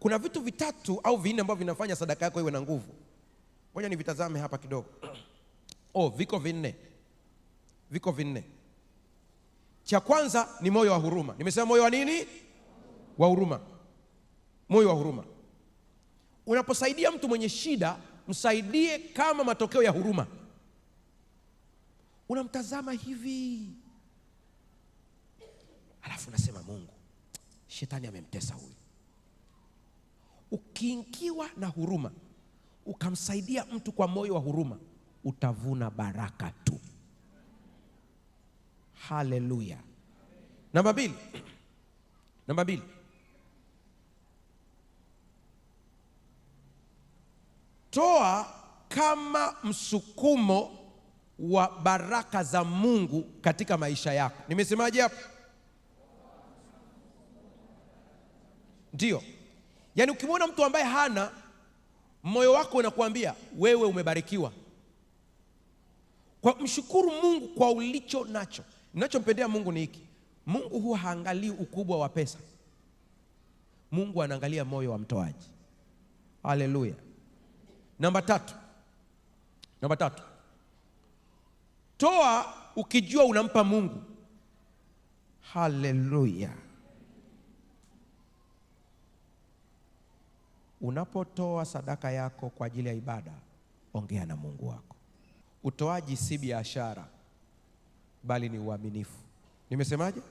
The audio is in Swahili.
kuna vitu vitatu au vinne ambavyo vinafanya sadaka yako iwe na nguvu. Ngoja nivitazame hapa kidogo. Oh, viko vinne, viko vinne. Cha kwanza ni moyo wa huruma. Nimesema moyo wa nini? Wa huruma. Moyo wa huruma. Unaposaidia mtu mwenye shida, msaidie kama matokeo ya huruma. Unamtazama hivi, alafu unasema Mungu, shetani amemtesa huyu Ukiingiwa na huruma, ukamsaidia mtu kwa moyo wa huruma, utavuna baraka tu. Haleluya! Namba mbili, namba mbili, toa kama msukumo wa baraka za Mungu katika maisha yako. Nimesemaje hapo? Ndio. Yaani ukimwona mtu ambaye hana, moyo wako unakuambia wewe umebarikiwa. Kwa mshukuru Mungu kwa ulicho nacho. Ninachompendea Mungu ni hiki, Mungu huwa haangalii ukubwa wa pesa, Mungu anaangalia moyo wa mtoaji. Haleluya. Namba tatu, namba tatu, toa ukijua unampa Mungu. Haleluya. Unapotoa sadaka yako kwa ajili ya ibada, ongea na Mungu wako. Utoaji si biashara, bali ni uaminifu. Nimesemaje?